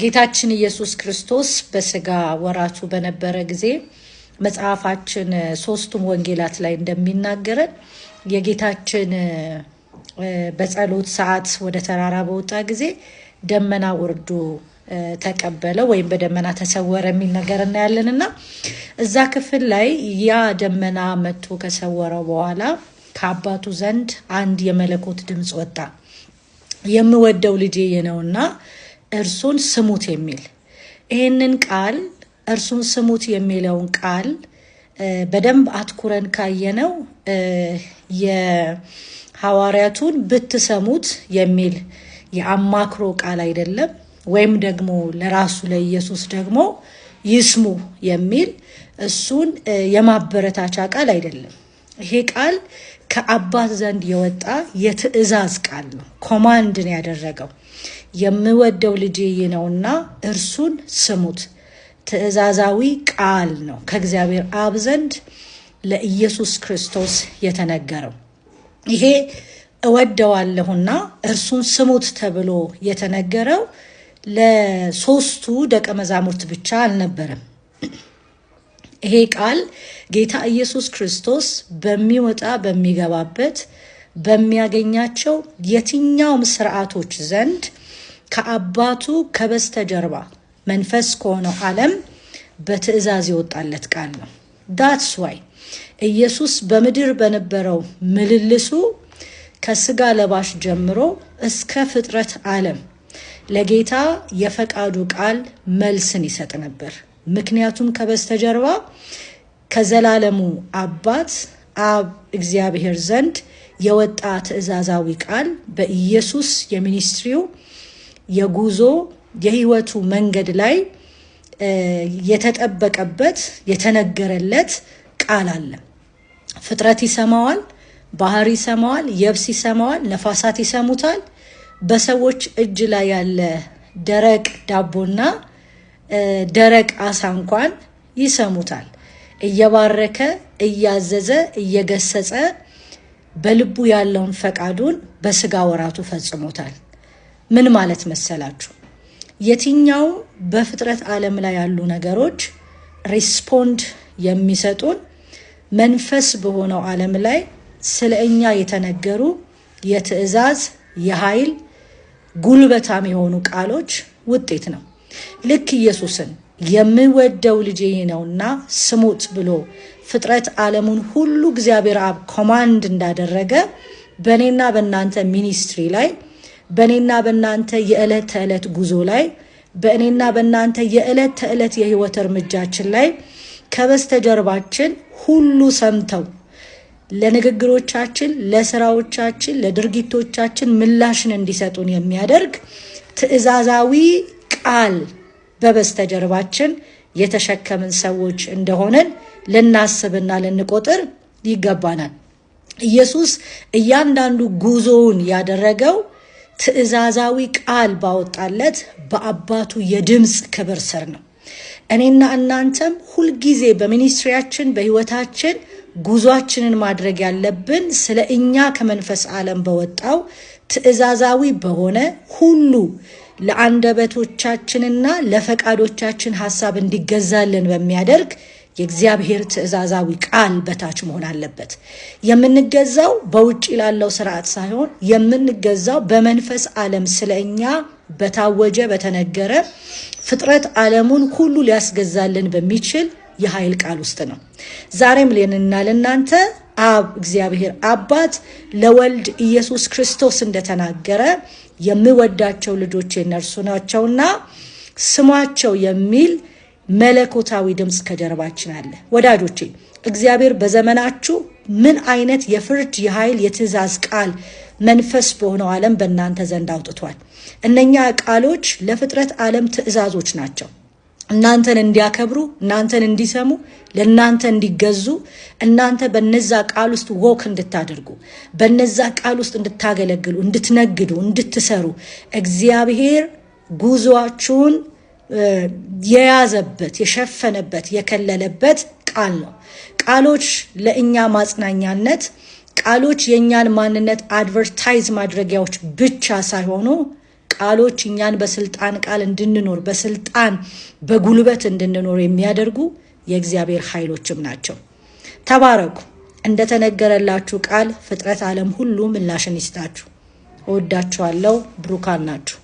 ጌታችን ኢየሱስ ክርስቶስ በስጋ ወራቱ በነበረ ጊዜ መጽሐፋችን ሶስቱም ወንጌላት ላይ እንደሚናገረን የጌታችን በጸሎት ሰዓት ወደ ተራራ በወጣ ጊዜ ደመና ወርዶ ተቀበለ ወይም በደመና ተሰወረ የሚል ነገር እናያለን እና እዛ ክፍል ላይ ያ ደመና መጥቶ ከሰወረው በኋላ ከአባቱ ዘንድ አንድ የመለኮት ድምፅ ወጣ የምወደው ልጄ ነውና እርሱን ስሙት የሚል ይህንን ቃል እርሱን ስሙት የሚለውን ቃል በደንብ አትኩረን ካየነው የሐዋርያቱን ብትሰሙት የሚል የአማክሮ ቃል አይደለም። ወይም ደግሞ ለራሱ ለኢየሱስ ደግሞ ይስሙ የሚል እሱን የማበረታቻ ቃል አይደለም። ይሄ ቃል ከአባት ዘንድ የወጣ የትእዛዝ ቃል ነው። ኮማንድ ነው ያደረገው። የምወደው ልጄ ይህ ነውና እርሱን ስሙት። ትእዛዛዊ ቃል ነው ከእግዚአብሔር አብ ዘንድ ለኢየሱስ ክርስቶስ የተነገረው ይሄ እወደዋለሁና እርሱን ስሙት ተብሎ የተነገረው ለሶስቱ ደቀ መዛሙርት ብቻ አልነበረም። ይሄ ቃል ጌታ ኢየሱስ ክርስቶስ በሚወጣ በሚገባበት በሚያገኛቸው የትኛውም ስርዓቶች ዘንድ ከአባቱ ከበስተጀርባ መንፈስ ከሆነው ዓለም በትእዛዝ የወጣለት ቃል ነው። ዳትስ ዋይ ኢየሱስ በምድር በነበረው ምልልሱ ከስጋ ለባሽ ጀምሮ እስከ ፍጥረት ዓለም ለጌታ የፈቃዱ ቃል መልስን ይሰጥ ነበር። ምክንያቱም ከበስተጀርባ ከዘላለሙ አባት አብ እግዚአብሔር ዘንድ የወጣ ትእዛዛዊ ቃል በኢየሱስ የሚኒስትሪው የጉዞ የህይወቱ መንገድ ላይ የተጠበቀበት የተነገረለት ቃል አለ። ፍጥረት ይሰማዋል፣ ባህር ይሰማዋል፣ የብስ ይሰማዋል፣ ነፋሳት ይሰሙታል። በሰዎች እጅ ላይ ያለ ደረቅ ዳቦና ደረቅ አሳ እንኳን ይሰሙታል። እየባረከ እያዘዘ እየገሰጸ በልቡ ያለውን ፈቃዱን በስጋ ወራቱ ፈጽሞታል። ምን ማለት መሰላችሁ? የትኛው በፍጥረት ዓለም ላይ ያሉ ነገሮች ሪስፖንድ የሚሰጡን መንፈስ በሆነው ዓለም ላይ ስለ እኛ የተነገሩ የትዕዛዝ የኃይል ጉልበታም የሆኑ ቃሎች ውጤት ነው። ልክ ኢየሱስን የምወደው ልጄ ይህ ነውና ስሙት ብሎ ፍጥረት ዓለሙን ሁሉ እግዚአብሔር አብ ኮማንድ እንዳደረገ በእኔና በእናንተ ሚኒስትሪ ላይ በእኔና በእናንተ የዕለት ተዕለት ጉዞ ላይ በእኔና በእናንተ የዕለት ተዕለት የህይወት እርምጃችን ላይ ከበስተጀርባችን ሁሉ ሰምተው ለንግግሮቻችን፣ ለስራዎቻችን፣ ለድርጊቶቻችን ምላሽን እንዲሰጡን የሚያደርግ ትዕዛዛዊ ቃል በበስተጀርባችን የተሸከምን ሰዎች እንደሆነን ልናስብና ልንቆጥር ይገባናል። ኢየሱስ እያንዳንዱ ጉዞውን ያደረገው ትዕዛዛዊ ቃል ባወጣለት በአባቱ የድምፅ ክብር ስር ነው። እኔና እናንተም ሁልጊዜ በሚኒስትሪያችን በሕይወታችን ጉዟችንን ማድረግ ያለብን ስለ እኛ ከመንፈስ ዓለም በወጣው ትዕዛዛዊ በሆነ ሁሉ ለአንደበቶቻችንና ለፈቃዶቻችን ሐሳብ እንዲገዛልን በሚያደርግ የእግዚአብሔር ትእዛዛዊ ቃል በታች መሆን አለበት። የምንገዛው በውጭ ላለው ስርዓት ሳይሆን የምንገዛው በመንፈስ ዓለም ስለ እኛ በታወጀ በተነገረ ፍጥረት ዓለሙን ሁሉ ሊያስገዛልን በሚችል የኃይል ቃል ውስጥ ነው። ዛሬም ሌንና ለእናንተ አብ እግዚአብሔር አባት ለወልድ ኢየሱስ ክርስቶስ እንደተናገረ የምወዳቸው ልጆቼ እነርሱ ናቸውና ስሟቸው የሚል መለኮታዊ ድምፅ ከጀርባችን አለ። ወዳጆቼ እግዚአብሔር በዘመናችሁ ምን አይነት የፍርድ የኃይል የትእዛዝ ቃል መንፈስ በሆነው ዓለም በእናንተ ዘንድ አውጥቷል። እነኛ ቃሎች ለፍጥረት ዓለም ትእዛዞች ናቸው። እናንተን እንዲያከብሩ እናንተን እንዲሰሙ ለእናንተ እንዲገዙ እናንተ በነዛ ቃል ውስጥ ወክ እንድታደርጉ በነዛ ቃል ውስጥ እንድታገለግሉ እንድትነግዱ እንድትሰሩ እግዚአብሔር ጉዞአችሁን የያዘበት የሸፈነበት የከለለበት ቃል ነው። ቃሎች ለእኛ ማጽናኛነት ቃሎች የእኛን ማንነት አድቨርታይዝ ማድረጊያዎች ብቻ ሳይሆኑ ቃሎች እኛን በስልጣን ቃል እንድንኖር በስልጣን በጉልበት እንድንኖር የሚያደርጉ የእግዚአብሔር ኃይሎችም ናቸው። ተባረኩ። እንደተነገረላችሁ ቃል ፍጥረት ዓለም ሁሉ ምላሽን ይስጣችሁ። እወዳችኋለሁ። ብሩካን ናችሁ።